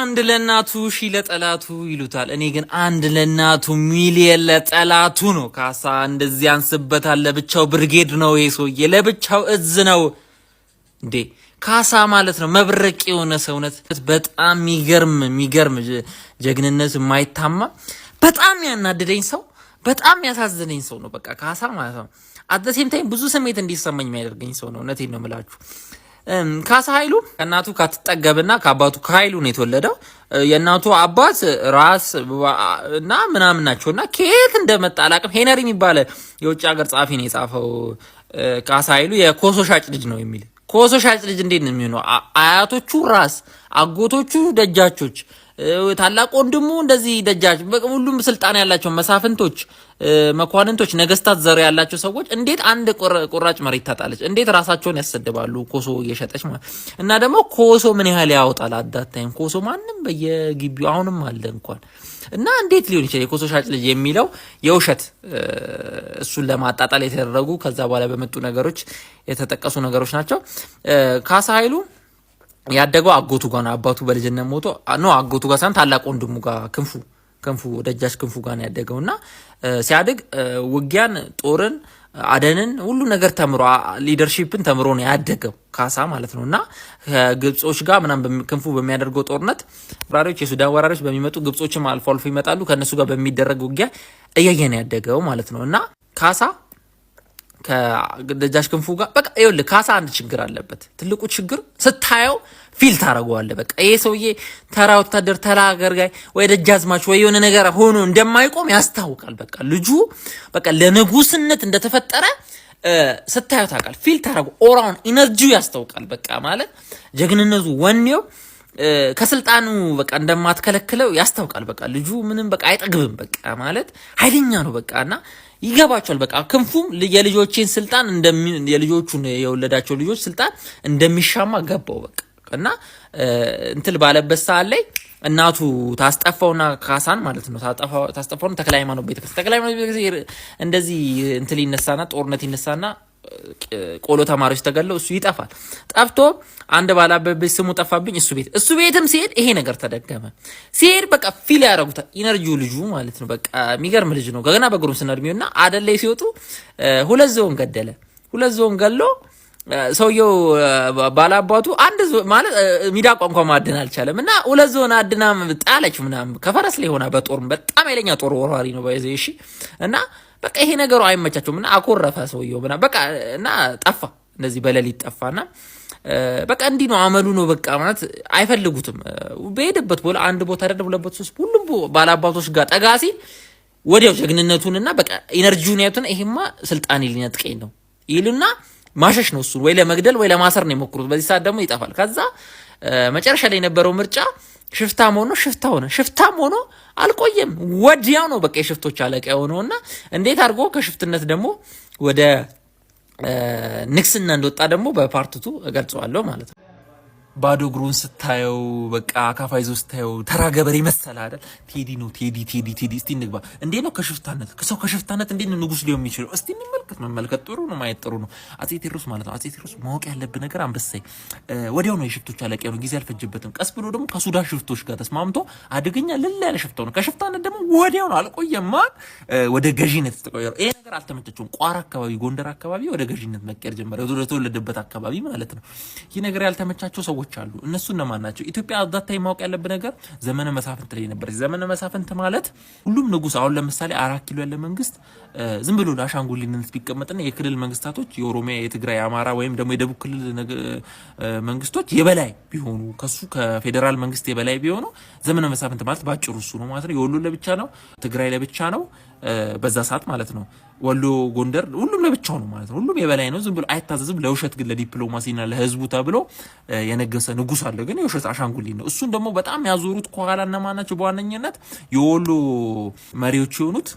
አንድ ለእናቱ ሺ ለጠላቱ ይሉታል። እኔ ግን አንድ ለእናቱ ሚሊየን ለጠላቱ ነው። ካሳ እንደዚህ አንስበታል። ለብቻው ብርጌድ ነው ይሄ ሰውዬ፣ ለብቻው እዝ ነው እንዴ ካሳ ማለት ነው። መብረቅ የሆነ ሰውነት በጣም የሚገርም የሚገርም ጀግንነት የማይታማ በጣም ያናደደኝ ሰው በጣም ያሳዘነኝ ሰው ነው። በቃ ካሳ ማለት ነው። አዘሴም ታይም ብዙ ስሜት እንዲሰማኝ የሚያደርገኝ ሰው ነው። እውነቴን ነው የምላችሁ። ካሳ ኃይሉ ከእናቱ ካትጠገብና ከአባቱ ከኃይሉ ነው የተወለደው። የእናቱ አባት ራስ እና ምናምን ናቸው እና ከየት እንደመጣ አላቅም። ሄነሪ የሚባለ የውጭ ሀገር ጸሐፊ ነው የጻፈው። ካሳ ኃይሉ የኮሶ ሻጭ ልጅ ነው የሚል ኮሶ ሻጭ ልጅ እንዴት ነው የሚሆነው? አያቶቹ ራስ አጎቶቹ ደጃቾች፣ ታላቅ ወንድሙ እንደዚህ ደጃች፣ ሁሉም ስልጣን ያላቸው መሳፍንቶች፣ መኳንንቶች፣ ነገስታት ዘር ያላቸው ሰዎች እንዴት አንድ ቁራጭ መሬት ታጣለች? እንዴት ራሳቸውን ያሰድባሉ? ኮሶ እየሸጠች እና ደግሞ ኮሶ ምን ያህል ያወጣል? አዳታይም ኮሶ ማንም በየግቢው አሁንም አለ እንኳን እና እንዴት ሊሆን ይችላል? የኮሶ ሻጭ ልጅ የሚለው የውሸት እሱን ለማጣጣል የተደረጉ ከዛ በኋላ በመጡ ነገሮች የተጠቀሱ ነገሮች ናቸው። ካሳ ኃይሉ ያደገው አጎቱ ጋር ነው። አባቱ በልጅነት ሞቶ ኖ አጎቱ ጋር ሳይሆን ታላቅ ወንድሙ ጋር ክንፉ ክንፉ ደጃች ክንፉ ጋር ነው ያደገው እና ሲያድግ ውጊያን፣ ጦርን፣ አደንን ሁሉ ነገር ተምሮ ሊደርሺፕን ተምሮ ነው ያደገው ካሳ ማለት ነው እና ግብጾች ጋር ምናም ክንፉ በሚያደርገው ጦርነት ወራሪዎች፣ የሱዳን ወራሪዎች በሚመጡ ግብጾችም አልፎ አልፎ ይመጣሉ። ከእነሱ ጋር በሚደረግ ውጊያ እያየ ነው ያደገው ማለት ነው እና ካሳ ከደጃች ክንፉ ጋር በቃ ይኸውልህ፣ ካሳ አንድ ችግር አለበት። ትልቁ ችግር ስታየው ፊል ታደርገዋለህ። በቃ ይሄ ሰውዬ ተራ ወታደር፣ ተራ አገርጋይ ወይ ደጃዝማች ወይ የሆነ ነገር ሆኖ እንደማይቆም ያስታውቃል። በቃ ልጁ በቃ ለንጉስነት እንደተፈጠረ ስታየው ታውቃል። ፊል ታደርገው ኦራውን ኢነርጂው ያስታውቃል። በቃ ማለት ጀግንነቱ ወኔው ከስልጣኑ በቃ እንደማትከለክለው ያስታውቃል። በቃ ልጁ ምንም በቃ አይጠግብም። በቃ ማለት ኃይለኛ ነው በቃ እና ይገባቸዋል። በቃ ክንፉም የልጆችን ስልጣን የልጆቹን የወለዳቸው ልጆች ስልጣን እንደሚሻማ ገባው። በቃ እና እንትል ባለበት ሰዓት ላይ እናቱ ታስጠፋውና ካሳን ማለት ነው ታስጠፋውና ተክለ ሃይማኖት ቤተክርስቲያን ተክለ ሃይማኖት ቤተክርስቲያን እንደዚህ እንትል ይነሳና ጦርነት ይነሳና ቆሎ ተማሪዎች ተገለው እሱ ይጠፋል። ጠፍቶ አንድ ባላበት ስሙ ጠፋብኝ። እሱ ቤት እሱ ቤትም ሲሄድ ይሄ ነገር ተደገመ። ሲሄድ በቃ ፊል ያደረጉታል ኢነርጂው ልጁ ማለት ነው። በቃ የሚገርም ልጅ ነው ገና በጉርምስና እድሜው አደላይ ሲወጡ ሁለት ዘውን ገደለ። ሁለት ዘውን ገሎ ሰውየው ባላባቱ አንድ ማለት ሚዳቋ እንኳ ማድን አልቻለም። እና ሁለት ዞን አድና ጣለች ምናም ከፈረስ ላይ ሆና በጦር በጣም ኃይለኛ ጦር ወራሪ ነው ባይዘ እና በቃ ይሄ ነገሩ አይመቻቸውም እና አኮረፈ ሰውየው ምናምን በቃ እና ጠፋ። እነዚህ በሌሊት ጠፋና በቃ እንዲህ ነው አመሉ ነው በቃ ማለት አይፈልጉትም። በሄደበት ቦ አንድ ቦታ ደደ ለበት ቦታ ሶስት ሁሉም ባላባቶች ጋር ጠጋ ሲል ወዲያው ጀግንነቱንና በቃ ኢነርጂውን ያዩትና ይሄማ ስልጣኔ ሊነጥቀኝ ነው ይሉና ማሸሽ ነው እሱን ወይ ለመግደል ወይ ለማሰር ነው የሞክሩት። በዚህ ሰዓት ደግሞ ይጠፋል። ከዛ መጨረሻ ላይ የነበረው ምርጫ ሽፍታም ሆኖ ሽፍታ ሆነ። ሽፍታም ሆኖ አልቆየም፣ ወዲያው ነው በቃ የሽፍቶች አለቃ የሆነውና እንዴት አድርጎ ከሽፍትነት ደግሞ ወደ ንግስና እንደወጣ ደግሞ በፓርትቱ እገልጸዋለሁ ማለት ነው። ባዶ እግሩን ስታየው በቃ አካፋ ይዞ ስታየው ተራ ገበሬ መሰለ አይደል? ቴዲ ነው ቴዲ ቴዲ ቴዲ። እስቲ እንግባ። እንዴት ነው ከሽፍታነት ሰው ከሽፍታነት እንዴት ነው ንጉስ ሊሆን የሚችለው? እስቲ እንመል መመልከት መመልከት ጥሩ ነው፣ ማየት ጥሩ ነው። አፄ ቴዎድሮስ ማለት ነው። አጼ ቴዎድሮስ ማወቅ ያለብን ነገር አንበሳይ ወዲያው ነው የሽፍቶች አለቃ ነው። ጊዜ አልፈጀበትም። ቀስ ብሎ ደግሞ ከሱዳን ሽፍቶች ጋር ተስማምቶ አደገኛ ልላ ያለ ሽፍቶ ነው። ከሽፍታነት ደግሞ ወዲያው ነው አልቆየማ ወደ ገዢነት ተቀየረ። ይሄ ነገር አልተመቸችውም። ቋራ አካባቢ፣ ጎንደር አካባቢ ወደ ገዢነት መቀየር ጀመረ። ወደ ተወለደበት አካባቢ ማለት ነው። ይህ ነገር ያልተመቻቸው ሰዎች አሉ። እነሱ እነማን ናቸው? ኢትዮጵያ አዛታይ ማወቅ ያለብን ነገር ዘመነ መሳፍንት ላይ ነበር። ዘመነ መሳፍንት ማለት ሁሉም ንጉስ አሁን ለምሳሌ አራት ኪሎ ያለ መንግስት ዝም ብሎ ለአሻንጉሊነት ቢቀመጥና የክልል መንግስታቶች የኦሮሚያ፣ የትግራይ፣ የአማራ ወይም ደግሞ የደቡብ ክልል መንግስቶች የበላይ ቢሆኑ ከሱ ከፌዴራል መንግስት የበላይ ቢሆኑ ዘመነ መሳፍንት ማለት በአጭሩ እሱ ነው ማለት ነው። የወሎ ለብቻ ነው፣ ትግራይ ለብቻ ነው በዛ ሰዓት ማለት ነው። ወሎ፣ ጎንደር ሁሉም ለብቻው ነው ማለት ነው። ሁሉም የበላይ ነው፣ ዝም ብሎ አይታዘዝም። ለውሸት ግን ለዲፕሎማሲና ለህዝቡ ተብሎ የነገሰ ንጉስ አለ፣ ግን የውሸት አሻንጉሊት ነው። እሱን ደግሞ በጣም ያዞሩት ከኋላ እነማን ናቸው? በዋነኝነት የወሎ መሪዎች የሆኑት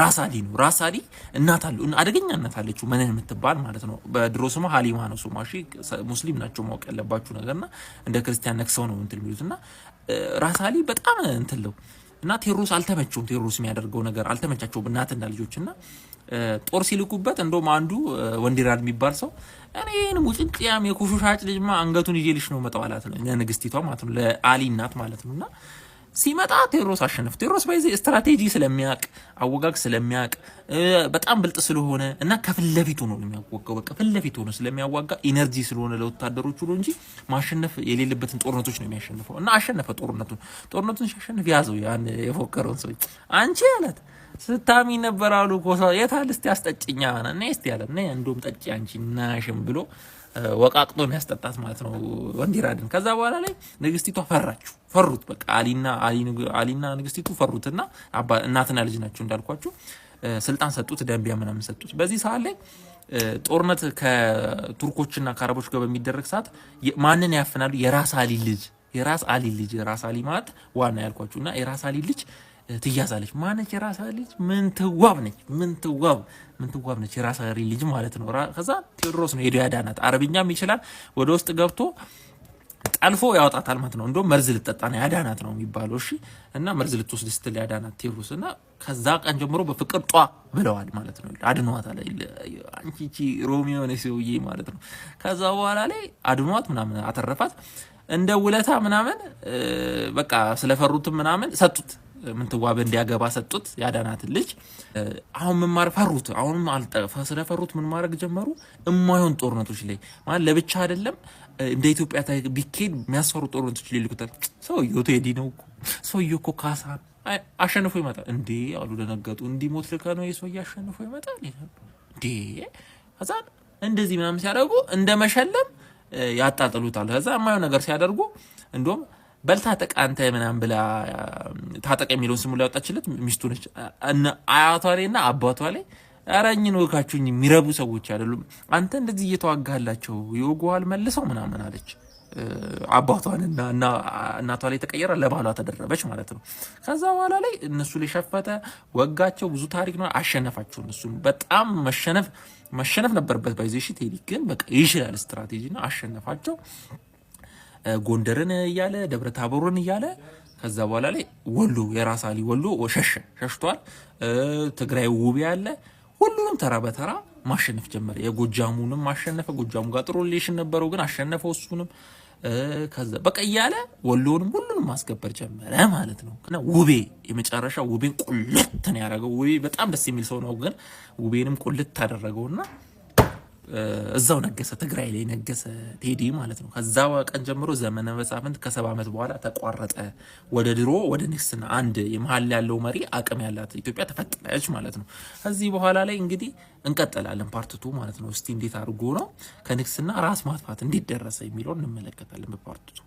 ራስ አሊ ነው። ራስ አሊ እናት አለ አደገኛ እናት አለችው መነን የምትባል ማለት ነው። በድሮ ስሟ ሀሊማ ነው ስሟ። እሺ ሙስሊም ናቸው ማወቅ ያለባችሁ ነገር ነገርና እንደ ክርስቲያን ነክሰው ነው እንትን የሚሉት እና ራስ አሊ በጣም እንትን ነው እና ቴዎድሮስ አልተመቸውም። ቴዎድሮስ የሚያደርገው ነገር አልተመቻቸውም። እና ልጆች እና ጦር ሲልኩበት እንደውም አንዱ ወንዲራድ የሚባል ሰው እኔ ይህን የኩሹሻጭ ልጅማ አንገቱን ይዤልሽ ነው መጠዋላት ነው ንግስቲቷ ማለት ነው ለአሊ እናት ማለት ነው እና ሲመጣ ቴዎድሮስ አሸንፍ ቴዎድሮስ ባይዘ ስትራቴጂ ስለሚያውቅ አወጋግ ስለሚያውቅ በጣም ብልጥ ስለሆነ እና ከፊት ለፊቱ ነው የሚያዋጋው። በቃ ፊት ለፊቱ ነው ስለሚያዋጋ ኢነርጂ ስለሆነ ለወታደሮቹ ነው እንጂ ማሸነፍ የሌለበትን ጦርነቶች ነው የሚያሸንፈው። እና አሸነፈ ጦርነቱን። ጦርነቱን ሲያሸንፍ ያዘው ያን የፎከረውን ሰው። አንቺ አላት ስታሚ ነበር አሉ ኮሳ የታል እስቲ አስጠጭኛ ና እስቲ ያለ እና እንደውም ጠጭ አንቺ ናሽም ብሎ ወቃቅጦ የሚያስጠጣት ማለት ነው ወንዲራድን። ከዛ በኋላ ላይ ንግስቲቷ ፈራችሁ ፈሩት። በቃ አሊና አሊና ንግስቲቱ ፈሩትና እናትና ልጅ ናቸው እንዳልኳችሁ ስልጣን ሰጡት፣ ደንቢያ ምናምን ሰጡት። በዚህ ሰዓት ላይ ጦርነት ከቱርኮችና ከአረቦች ጋር በሚደረግ ሰዓት ማንን ያፍናሉ? የራስ አሊ ልጅ የራስ አሊ ልጅ የራስ አሊ ማለት ዋና ያልኳችሁ እና የራስ አሊ ልጅ ትያዛለች። ማነች? የራሷ ልጅ ምንትዋብ ነች። ምንትዋብ ምንትዋብ ነች፣ የራሳ ልጅ ማለት ነው። ከዛ ቴዎድሮስ ነው ሄዶ ያዳናት። አረብኛም ይችላል። ወደ ውስጥ ገብቶ ጠልፎ ያወጣታል ማለት ነው። እንዲሁም መርዝ ልጠጣ ነው ያዳናት ነው የሚባለው። እሺ እና መርዝ ልትወስድ ስትል ያዳናት ቴዎድሮስ እና ከዛ ቀን ጀምሮ በፍቅር ጧ ብለዋል ማለት ነው። አድኗታል። አንቺ ቺ ሮሚዮ የሆነ ሰውዬ ማለት ነው። ከዛ በኋላ ላይ አድኗት ምናምን አተረፋት እንደ ውለታ ምናምን በቃ ስለፈሩትም ምናምን ሰጡት ምንትዋብ እንዲያገባ ሰጡት፣ ያዳናትን ልጅ። አሁን ምን ፈሩት። አሁንም አልጠፋ ስለፈሩት ምን ማድረግ ጀመሩ? እማይሆን ጦርነቶች ላይ ማለት ለብቻ አይደለም እንደ ኢትዮጵያ ቢኬድ የሚያስፈሩ ጦርነቶች ላይ ይልኩታል። ሰውየው ቴዲ ነው እኮ ሰውየው እኮ ካሳ አሸንፎ ይመጣል እንዴ አሉ፣ ደነገጡ። እንዲሞት ልከ ነው የሰውዬ አሸንፎ ይመጣል እንዴ ከዛ እንደዚህ ምናምን ሲያደርጉ እንደ መሸለም ያጣጥሉታል። ከዛ የማየው ነገር ሲያደርጉ እንዲሁም በልታ ጠቃ አንተ ምናምን ብላ ታጠቅ የሚለውን ስሙ ላወጣችለት ሚስቱ ነች። አያቷ ላይ እና አባቷ ላይ አራኝን ወካችሁኝ የሚረቡ ሰዎች አይደሉም። አንተ እንደዚህ እየተዋጋላቸው የወጓዋል መልሰው ምናምን አለች። አባቷን እና እናቷ ላይ ተቀየረ፣ ለባሏ ተደረበች ማለት ነው። ከዛ በኋላ ላይ እነሱ ላይ ሸፈተ፣ ወጋቸው። ብዙ ታሪክ ነው። አሸነፋቸው። እነሱ በጣም መሸነፍ መሸነፍ ነበረበት ባይዜሽት ሄዲ ግን በቃ ይችላል ስትራቴጂ ነው። አሸነፋቸው። ጎንደርን እያለ ደብረ ታቦርን እያለ ከዛ በኋላ ላይ ወሎ የራስ አሊ ወሎ ሸሸ ሸሽቷል። ትግራይ ውብ ያለ ሁሉንም ተራ በተራ ማሸነፍ ጀመረ። የጎጃሙንም ማሸነፈ። ጎጃሙ ጋር ጥሩ ሌሽን ነበረው ግን አሸነፈ እሱንም። ከዛ በቃ እያለ ወሎንም ሁሉንም ማስገበር ጀመረ ማለት ነው። ውቤ የመጨረሻ ውቤን ቁልት ነው ያደረገው። ውቤ በጣም ደስ የሚል ሰው ነው፣ ግን ውቤንም ቁልት ታደረገውና እዛው ነገሰ፣ ትግራይ ላይ ነገሰ ቴዲ ማለት ነው። ከዛ ቀን ጀምሮ ዘመነ መሳፍንት ከሰባ ዓመት በኋላ ተቋረጠ። ወደ ድሮ ወደ ንግስና አንድ የመሀል ያለው መሪ አቅም ያላት ኢትዮጵያ ተፈጠረች ማለት ነው። ከዚህ በኋላ ላይ እንግዲህ እንቀጠላለን ፓርትቱ ማለት ነው። እስቲ እንዴት አድርጎ ነው ከንግስና ራስ ማጥፋት እንዴት ደረሰ የሚለውን እንመለከታለን በፓርትቱ